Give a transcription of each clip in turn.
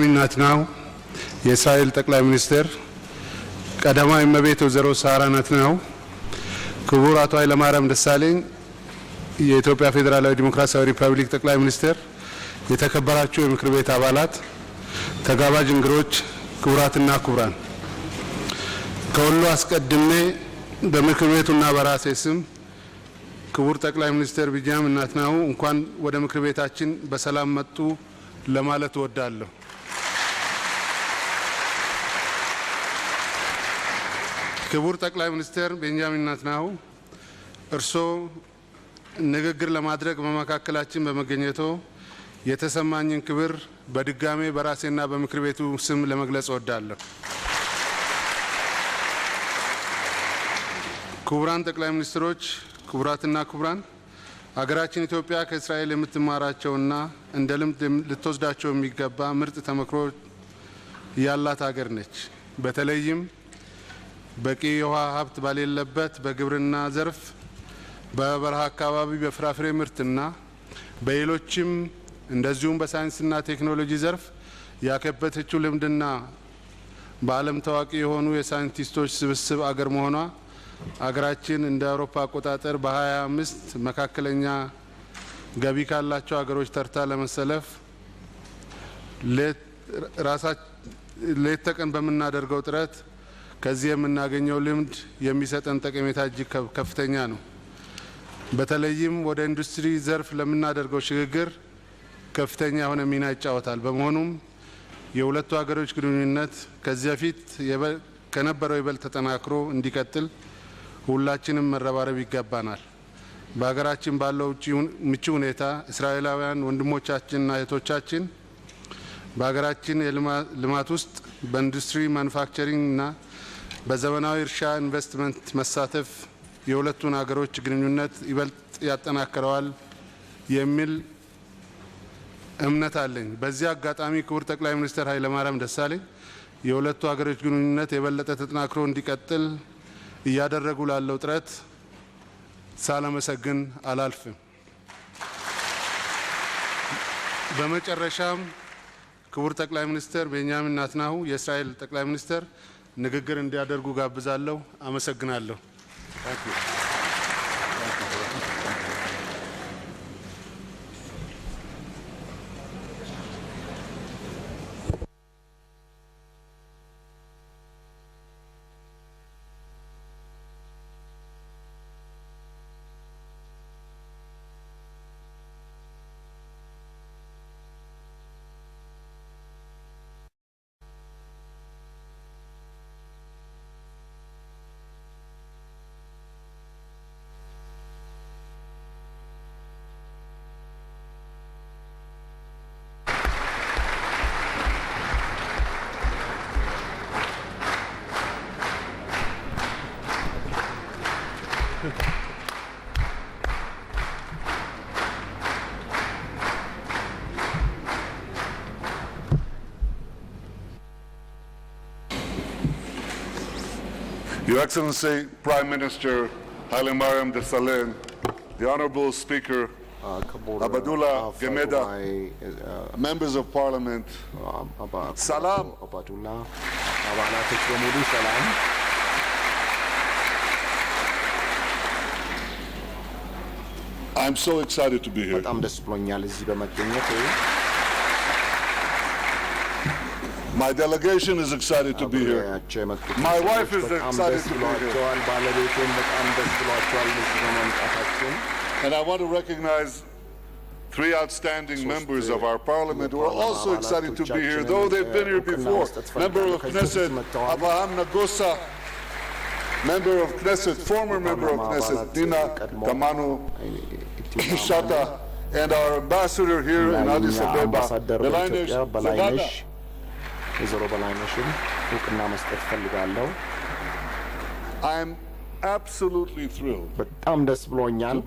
ዊነት ናው የእስራኤል ጠቅላይ ሚኒስትር ቀዳማዊት እመቤት ወይዘሮ ሳራ ነትናው፣ ክቡር አቶ ኃይለማርያም ደሳለኝ የኢትዮጵያ ፌዴራላዊ ዲሞክራሲያዊ ሪፐብሊክ ጠቅላይ ሚኒስትር፣ የተከበራችሁ የምክር ቤት አባላት፣ ተጋባዥ እንግዶች፣ ክቡራትና ክቡራን፣ ከሁሉ አስቀድሜ በምክር ቤቱና በራሴ ስም ክቡር ጠቅላይ ሚኒስትር ቢንያሚን ኔታንያሁ እንኳን ወደ ምክር ቤታችን በሰላም መጡ ለማለት እወዳለሁ። ክቡር ጠቅላይ ሚኒስትር ቤንጃሚን ነትናሁ እርስዎ ንግግር ለማድረግ በመካከላችን በመገኘቶ የተሰማኝን ክብር በድጋሜ በራሴና በምክር ቤቱ ስም ለመግለጽ እወዳለሁ። ክቡራን ጠቅላይ ሚኒስትሮች፣ ክቡራትና ክቡራን፣ ሀገራችን ኢትዮጵያ ከእስራኤል የምትማራቸውና እንደ ልምድ ልትወስዳቸው የሚገባ ምርጥ ተመክሮ ያላት ሀገር ነች። በተለይም በቂ የውሃ ሀብት ባሌለበት በግብርና ዘርፍ በበረሃ አካባቢ በፍራፍሬ ምርትና በሌሎችም እንደዚሁም በሳይንስና ቴክኖሎጂ ዘርፍ ያከበተችው ልምድና በዓለም ታዋቂ የሆኑ የሳይንቲስቶች ስብስብ አገር መሆኗ አገራችን እንደ አውሮፓ አቆጣጠር በ25 መካከለኛ ገቢ ካላቸው አገሮች ተርታ ለመሰለፍ ሌት ተቀን በምናደርገው ጥረት ከዚህ የምናገኘው ልምድ የሚሰጠን ጠቀሜታ እጅግ ከፍተኛ ነው። በተለይም ወደ ኢንዱስትሪ ዘርፍ ለምናደርገው ሽግግር ከፍተኛ የሆነ ሚና ይጫወታል። በመሆኑም የሁለቱ ሀገሮች ግንኙነት ከዚህ በፊት ከነበረው ይበልጥ ተጠናክሮ እንዲቀጥል ሁላችንም መረባረብ ይገባናል። በሀገራችን ባለው ምቹ ሁኔታ እስራኤላውያን ወንድሞቻችንና እህቶቻችን በሀገራችን የልማት ውስጥ በኢንዱስትሪ ማኑፋክቸሪንግ እና በዘመናዊ እርሻ ኢንቨስትመንት መሳተፍ የሁለቱን ሀገሮች ግንኙነት ይበልጥ ያጠናክረዋል የሚል እምነት አለኝ። በዚህ አጋጣሚ ክቡር ጠቅላይ ሚኒስትር ኃይለማርያም ደሳለኝ የሁለቱ ሀገሮች ግንኙነት የበለጠ ተጠናክሮ እንዲቀጥል እያደረጉ ላለው ጥረት ሳላመሰግን አላልፍም። በመጨረሻም ክቡር ጠቅላይ ሚኒስትር ቤንያሚን ናትናሁ የእስራኤል ጠቅላይ ሚኒስትር ንግግር እንዲያደርጉ ጋብዛለሁ። አመሰግናለሁ። Your Excellency Prime Minister Hailemariam Desalegn, the Honorable Speaker uh, uh Abadullah uh, Gemeda, uh, uh, Members of Parliament, uh, Salam. I'm so excited to be here. My delegation is excited to be here. My wife is excited to be here. And I want to recognize three outstanding members of our parliament who are also excited to be here, though they've been here before. Member of Knesset, Abraham Nagosa, member of Knesset, former member of Knesset, Dina Tamanu Shata, and our ambassador here in Addis Abeba, Melainesh ወይዘሮ በላይነሽን እውቅና መስጠት ፈልጋለሁ። በጣም ደስ ብሎኛል።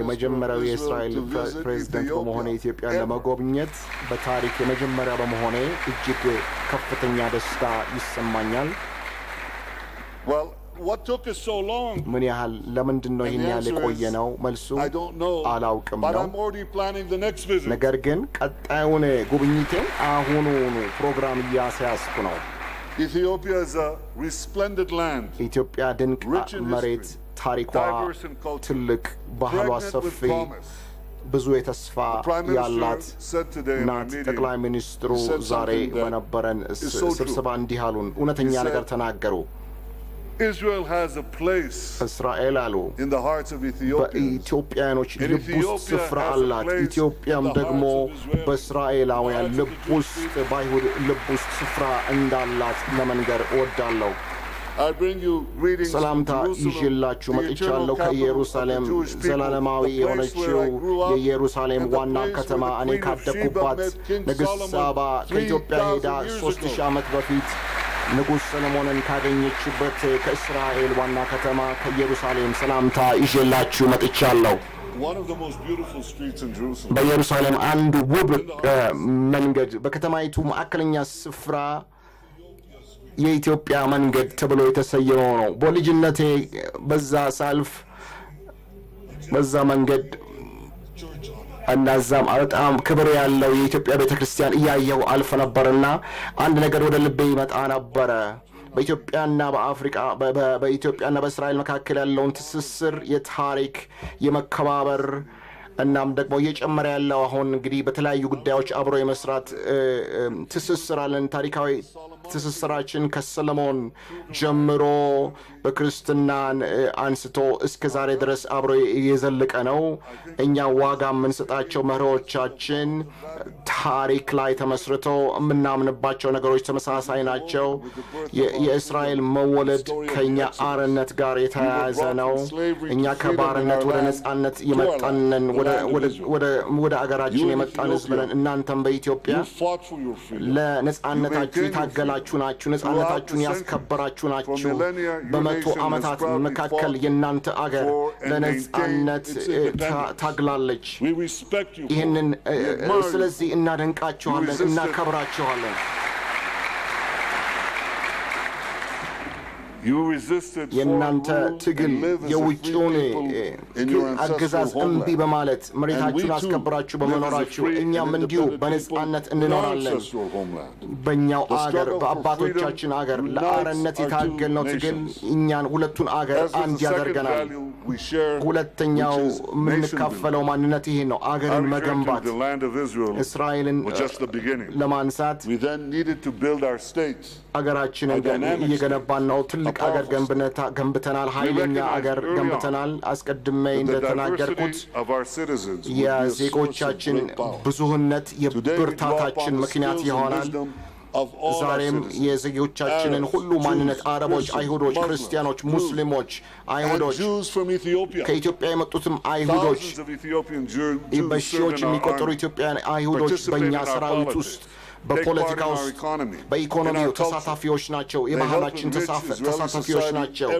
የመጀመሪያው የእስራኤል ፕሬዚደንት በመሆኔ ኢትዮጵያን ለመጎብኘት በታሪክ የመጀመሪያ በመሆኔ እጅግ ከፍተኛ ደስታ ይሰማኛል። ምን ያህል ለምንድን ነው ይህን ያህል የቆየ ነው? መልሱ አላውቅም ነው። ነገር ግን ቀጣዩን ጉብኝቴን አሁኑኑ ፕሮግራም እያስያዝኩ ነው። ኢትዮጵያ ድንቅ መሬት፣ ታሪኳ ትልቅ፣ ባህሏ ሰፊ ብዙ የተስፋ ያላት ናት። ጠቅላይ ሚኒስትሩ ዛሬ በነበረን ስብሰባ እንዲህ አሉን። እውነተኛ ነገር ተናገሩ። እስራኤል አሉ በኢትዮጵያኖች ልብ ውስጥ ስፍራ አላት። ኢትዮጵያም ደግሞ በእስራኤላውያን ልብ ውስጥ በአይሁድ ልብ ውስጥ ስፍራ እንዳላት ለመንገር እወዳለሁ። ሰላምታ ይዤላችሁ መጥቻለሁ። ከኢየሩሳሌም ዘላለማዊ የሆነችው የኢየሩሳሌም ዋና ከተማ እኔ ካደግኩባት ንግሥት ሳባ ከኢትዮጵያ ሄዳ ሦስት ሺህ ዓመት በፊት ንጉሥ ሰለሞንን ካገኘችበት ከእስራኤል ዋና ከተማ ከኢየሩሳሌም ሰላምታ ይዤላችሁ መጥቻለሁ። በኢየሩሳሌም አንድ ውብ መንገድ በከተማይቱ ማዕከለኛ ስፍራ የኢትዮጵያ መንገድ ተብሎ የተሰየመው ነው። በልጅነቴ በዛ ሳልፍ በዛ መንገድ እናዛም በጣም ክብር ያለው የኢትዮጵያ ቤተ ክርስቲያን እያየው አልፍ ነበርና አንድ ነገር ወደ ልቤ ይመጣ ነበረ። በኢትዮጵያና በአፍሪቃ በኢትዮጵያና በእስራኤል መካከል ያለውን ትስስር፣ የታሪክ የመከባበር እናም ደግሞ እየጨመረ ያለው አሁን እንግዲህ በተለያዩ ጉዳዮች አብሮ የመስራት ትስስር አለን ታሪካዊ ትስስራችን ከሰለሞን ጀምሮ በክርስትናን አንስቶ እስከ ዛሬ ድረስ አብሮ የዘለቀ ነው። እኛ ዋጋ የምንሰጣቸው መርሆቻችን ታሪክ ላይ ተመስርቶ የምናምንባቸው ነገሮች ተመሳሳይ ናቸው። የእስራኤል መወለድ ከእኛ አርነት ጋር የተያያዘ ነው። እኛ ከባርነት ወደ ነፃነት የመጣንን ወደ አገራችን የመጣን ህዝብ ነን። እናንተም በኢትዮጵያ ለነፃነታችሁ የታገላ የሆናችሁ ናችሁ፣ ነፃነታችሁን ያስከበራችሁ ናችሁ። በመቶ ዓመታት መካከል የእናንተ አገር ለነፃነት ታግላለች። ይህንን ስለዚህ እናደንቃችኋለን፣ እናከብራችኋለን። የእናንተ ትግል የውጭውን አገዛዝ እምቢ በማለት መሬታችሁን አስከብራችሁ በመኖራችሁ እኛም እንዲሁ በነጻነት እንኖራለን። በእኛው አገር በአባቶቻችን አገር ለአረነት የታገልነው ትግል እኛን ሁለቱን አገር አንድ ያደርገናል። ሁለተኛው የምንካፈለው ማንነት ይሄ ነው፣ አገርን መገንባት እስራኤልን ለማንሳት አገራችንን እየገነባን ነው። ትልቅ ትልቅ አገር ገንብተናል፣ ኃይለኛ አገር ገንብተናል። አስቀድሜ እንደተናገርኩት የዜጎቻችን ብዙህነት የብርታታችን ምክንያት ይሆናል። ዛሬም የዜጎቻችንን ሁሉ ማንነት አረቦች፣ አይሁዶች፣ ክርስቲያኖች፣ ሙስሊሞች፣ አይሁዶች ከኢትዮጵያ የመጡትም አይሁዶች በሺዎች የሚቆጠሩ ኢትዮጵያውያን አይሁዶች በእኛ ሰራዊት ውስጥ በፖለቲካ ውስጥ በኢኮኖሚው ተሳታፊዎች ናቸው። የባህላችን ተሳታፊዎች ናቸው።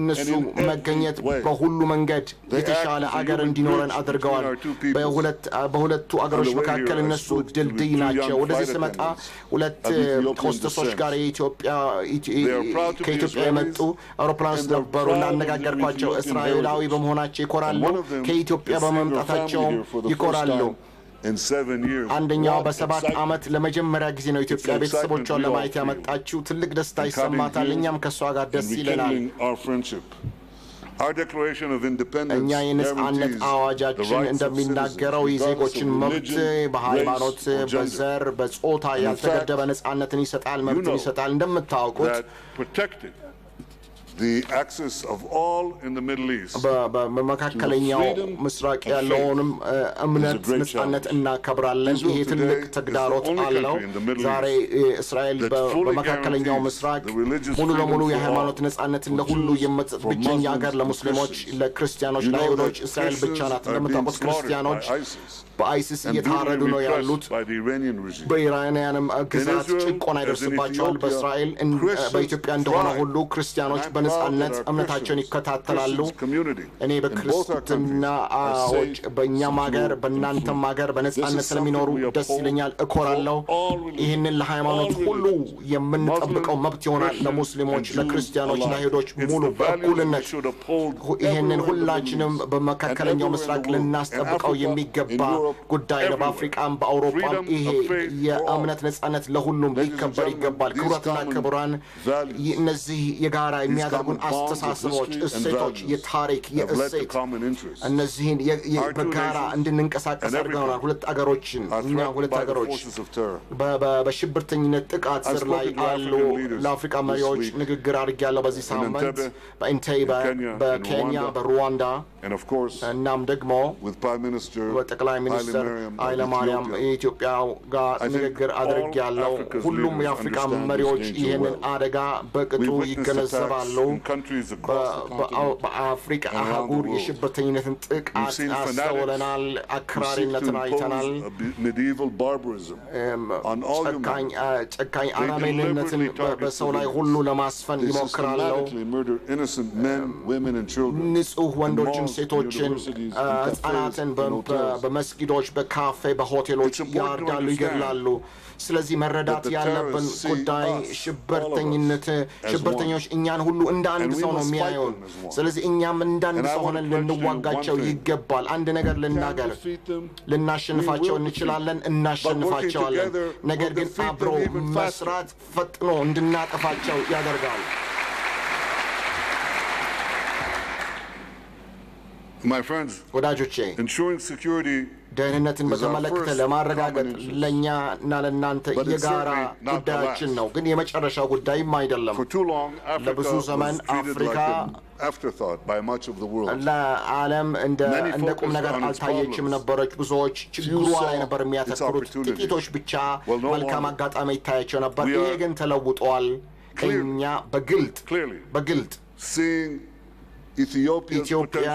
እነሱ መገኘት በሁሉ መንገድ የተሻለ አገር እንዲኖረን አድርገዋል። በሁለቱ አገሮች መካከል እነሱ ድልድይ ናቸው። ወደዚህ ስመጣ ሁለት ሆስተሶች ጋር ከኢትዮጵያ የመጡ አውሮፕላንስ ነበሩ እና አነጋገርኳቸው። እስራኤላዊ በመሆናቸው ይኮራሉ፣ ከኢትዮጵያ በመምጣታቸውም ይኮራሉ። አንደኛዋ በሰባት ዓመት ለመጀመሪያ ጊዜ ነው ኢትዮጵያ ቤተሰቦቿን ለማየት ያመጣችው። ትልቅ ደስታ ይሰማታል። እኛም ከእሷ ጋር ደስ ይለናል። እኛ የነጻነት አዋጃችን እንደሚናገረው የዜጎችን መብት በሃይማኖት፣ በዘር፣ በጾታ ያልተገደበ ነጻነትን ይሰጣል፣ መብትን ይሰጣል። እንደምታውቁት በመካከለኛው ምስራቅ ያለውንም እምነት ነጻነት እናከብራለን። ይሄ ትልቅ ተግዳሮት አለው። ዛሬ እስራኤል በመካከለኛው ምስራቅ ሙሉ ለሙሉ የሃይማኖት ነጻነት ለሁሉ የምትሰጥ ብቸኛ ሀገር ለሙስሊሞች፣ ለክርስቲያኖች፣ ለአይሁዶች እስራኤል ብቻ ናት። እንደምታውቁት ክርስቲያኖች በአይሲስ እየታረዱ ነው ያሉት። በኢራንያንም ግዛት ጭቆና ይደርስባቸዋል። በእስራኤል በኢትዮጵያ እንደሆነ ሁሉ ክርስቲያኖች በነጻነት እምነታቸውን ይከታተላሉ። እኔ በክርስትና አዎች በእኛም ሀገር በእናንተም ሀገር በነጻነት ስለሚኖሩ ደስ ይለኛል፣ እኮራለሁ። ይህንን ለሃይማኖት ሁሉ የምንጠብቀው መብት ይሆናል። ለሙስሊሞች፣ ለክርስቲያኖች፣ ለአይሁዶች ሙሉ በእኩልነት ይህንን ሁላችንም በመካከለኛው ምስራቅ ልናስጠብቀው የሚገባ ጉዳይ ነው። በአፍሪቃም በአውሮፓም ይሄ የእምነት ነጻነት ለሁሉም ሊከበር ይገባል። ክቡራትና ክቡራን እነዚህ የጋራ የሚያ የአዳሙን አስተሳሰቦች፣ እሴቶች፣ የታሪክ የእሴት እነዚህን በጋራ እንድንንቀሳቀስ አድርገናል። ሁለት አገሮችን እኛ ሁለት አገሮች በሽብርተኝነት ጥቃት ስር ላይ አሉ። ለአፍሪካ መሪዎች ንግግር አድርጌያለሁ በዚህ ሳምንት በኢንቴበ፣ በኬንያ፣ በሩዋንዳ እናም ደግሞ በጠቅላይ ሚኒስትር ኃይለማርያም የኢትዮጵያ ጋር ንግግር አድርጌያለሁ። ሁሉም የአፍሪካ መሪዎች ይህንን አደጋ በቅጡ ይገነዘባሉ። ያለው በአፍሪካ አህጉር የሽብርተኝነትን ጥቃት አስተውለናል። አክራሪነትን አይተናል። ጨካኝ አረመኔነትን በሰው ላይ ሁሉ ለማስፈን ይሞክራለው። ንጹህ ወንዶችን፣ ሴቶችን፣ ህጻናትን በመስጊዶች፣ በካፌ፣ በሆቴሎች ያርዳሉ፣ ይገድላሉ። ስለዚህ መረዳት ያለብን ጉዳይ ሽብርተኝነት ሽብርተኞች እኛን ሁሉ እንደ አንድ ሰው ነው የሚያየውን። ስለዚህ እኛም እንደ አንድ ሰው ሆነን ልንዋጋቸው ይገባል። አንድ ነገር ልናገር፣ ልናሸንፋቸው እንችላለን፣ እናሸንፋቸዋለን። ነገር ግን አብሮ መስራት ፈጥኖ እንድናጠፋቸው ያደርጋል። ወዳጆቼ ደህንነትን በተመለከተ ለማረጋገጥ ለእኛና ለእናንተ የጋራ ጉዳያችን ነው፣ ግን የመጨረሻ ጉዳይም አይደለም። ለብዙ ዘመን አፍሪካ ለዓለም እንደ ቁም ነገር አልታየችም ነበረች። ብዙዎች ችግሯ ላይ ነበር የሚያተኩሩት። ጥቂቶች ብቻ መልካም አጋጣሚ ይታያቸው ነበር። ይሄ ግን ተለውጧል። እኛ በግልጥ በግልጥ ኢትዮጵያ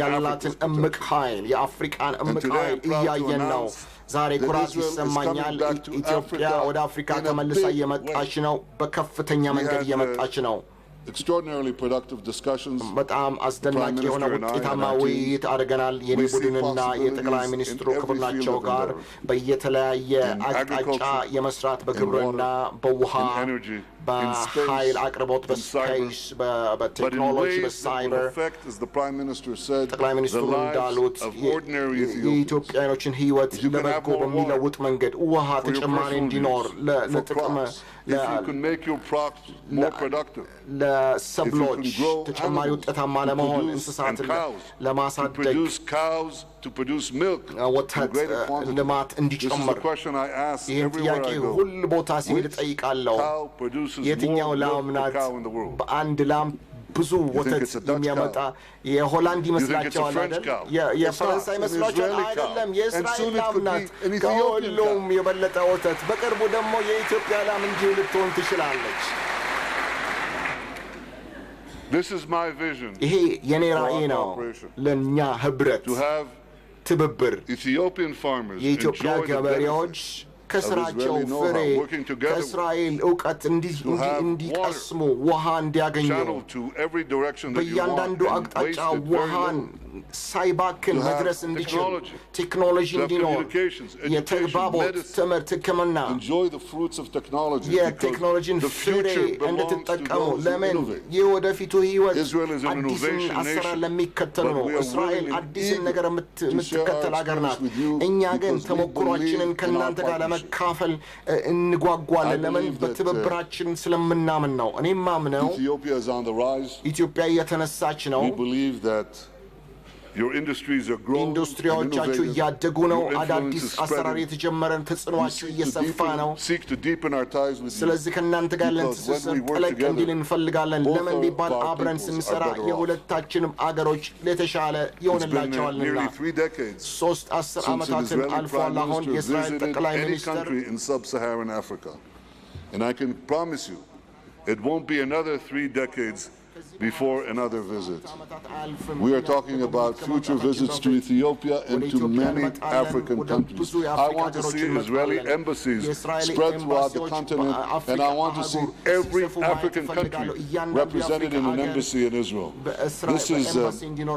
ያላትን እምቅ ኃይል የአፍሪካን እምቅ ኃይል እያየን ነው። ዛሬ ኩራት ይሰማኛል። ኢትዮጵያ ወደ አፍሪካ ተመልሳ እየመጣች ነው። በከፍተኛ መንገድ እየመጣች ነው። በጣም አስደናቂ የሆነ ውጤታማ ውይይት አድርገናል። የኔ ቡድንና የጠቅላይ ሚኒስትሩ ክብርናቸው ጋር በየተለያየ አቅጣጫ የመስራት በግብርና፣ በውሃ፣ በኃይል አቅርቦት፣ በቴክኖሎጂ፣ በሳይበር ጠቅላይ ሚኒስትሩ እንዳሉት የኢትዮጵያኖችን ሕይወት ለበጎ በሚለውጥ መንገድ ውሃ ተጨማሪ እንዲኖር ለጥቅም ለሰብሎች ተጨማሪ ውጤታማ ለመሆን እንስሳትን ለማሳደግ ወተት ልማት uh, uh, እንዲጨምር ይህን ጥያቄ ሁል ቦታ ሲሄድ እጠይቃለሁ። የትኛው ላም ናት በአንድ ላም ብዙ ወተት የሚያመጣ የሆላንድ ይመስላቸዋል አይደል? የፈረንሳይ ይመስላቸዋል አይደለም፣ የእስራኤል ላም ከሁሉም የበለጠ ወተት። በቅርቡ ደግሞ የኢትዮጵያ ላም እንዲሁ ልትሆን ትችላለች። ይሄ የኔ ራዕይ ነው ለእኛ ህብረት ትብብር የኢትዮጵያ ገበሬዎች ከስራቸው ፍሬ ከእስራኤል እውቀት እንዲቀስሙ ውሃ እንዲያገኙ በእያንዳንዱ አቅጣጫ ውሃን ሳይባክን መድረስ እንዲችል ቴክኖሎጂ እንዲኖር የተግባቦት ትምህርት፣ ሕክምና የቴክኖሎጂን ፍሬ እንድትጠቀሙ። ለምን ይህ ወደፊቱ ህይወት አዲስን አሰራር ለሚከተል ነው። እስራኤል አዲስን ነገር የምትከተል ሀገር ናት። እኛ ግን ተሞክሯችንን ከእናንተ ጋር ለመካፈል እንጓጓለን። ለምን በትብብራችን uh, ስለምናምን ነው። እኔም ማምነው ኢትዮጵያ እየተነሳች ነው። ኢንዱስትሪዎቻችሁ እያደጉ ነው። አዳዲስ አሰራር የተጀመረን ተጽዕኖአችሁ እየሰፋ ነው። ስለዚህ ከእናንተ ጋር ያለን ትስስር ጥልቅ እንዲል እንፈልጋለን። ለምን ቢባል አብረን ስንሰራ የሁለታችንም አገሮች የተሻለ ይሆንላቸዋልና። ሶስት አስር ዓመታትን አልፏል። አሁን የእስራኤል ጠቅላይ ሚኒስትር And I can promise you, it won't be another three decades before another visit. We are talking about future visits to Ethiopia and to many African countries. I want to see Israeli embassies spread throughout the continent, and I want to see every African country represented in an embassy in Israel. This is a,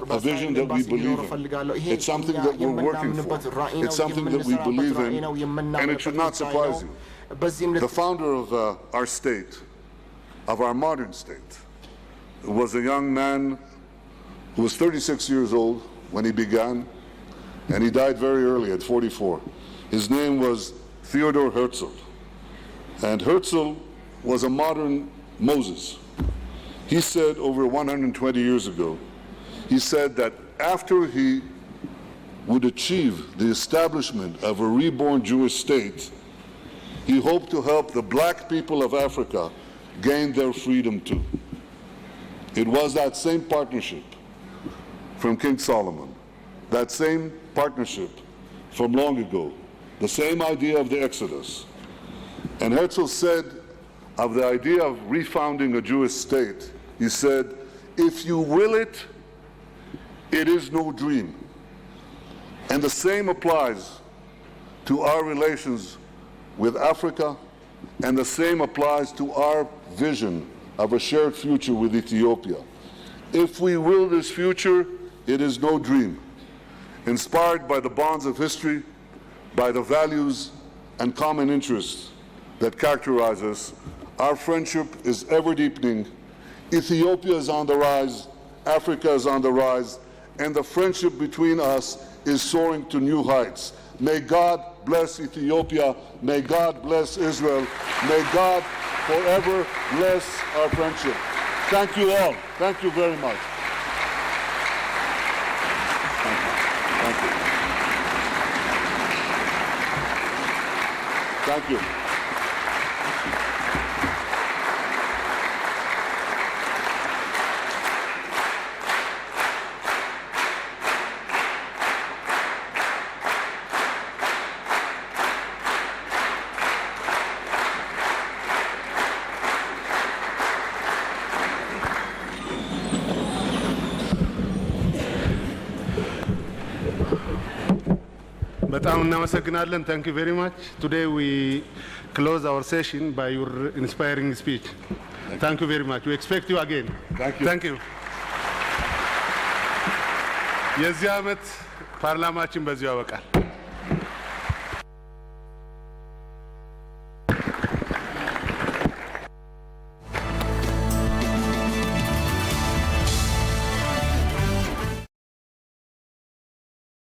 a vision that we believe in. It's something that we're working for. It's something that we believe in, and it should not surprise you. The founder of uh, our state, of our modern state, was a young man who was 36 years old when he began, and he died very early at 44. His name was Theodore Herzl. And Herzl was a modern Moses. He said over 120 years ago, he said that after he would achieve the establishment of a reborn Jewish state, he hoped to help the black people of Africa gain their freedom too. It was that same partnership from King Solomon, that same partnership from long ago, the same idea of the Exodus. And Herzl said of the idea of refounding a Jewish state, he said, if you will it, it is no dream. And the same applies to our relations with Africa, and the same applies to our vision of a shared future with Ethiopia. If we will this future, it is no dream. Inspired by the bonds of history, by the values and common interests that characterize us, our friendship is ever deepening. Ethiopia is on the rise, Africa is on the rise, and the friendship between us is soaring to new heights. May God bless Ethiopia. May God bless Israel. May God forever bless our friendship. Thank you all. Thank you very much. Thank you. Thank you. Thank you. በጣም እናመሰግናለን። ታንክ ዩ ቬሪ ማች ቱዴይ ዊ ክሎዝ አወር ሴሽን ባይ ዩር ኢንስፓይሪንግ ስፒች ታንክ ዩ ቬሪ ማች ዊ ኤክስፔክት ዩ አጌን ታንክ ዩ። የዚህ አመት ፓርላማችን በዚሁ ያበቃል።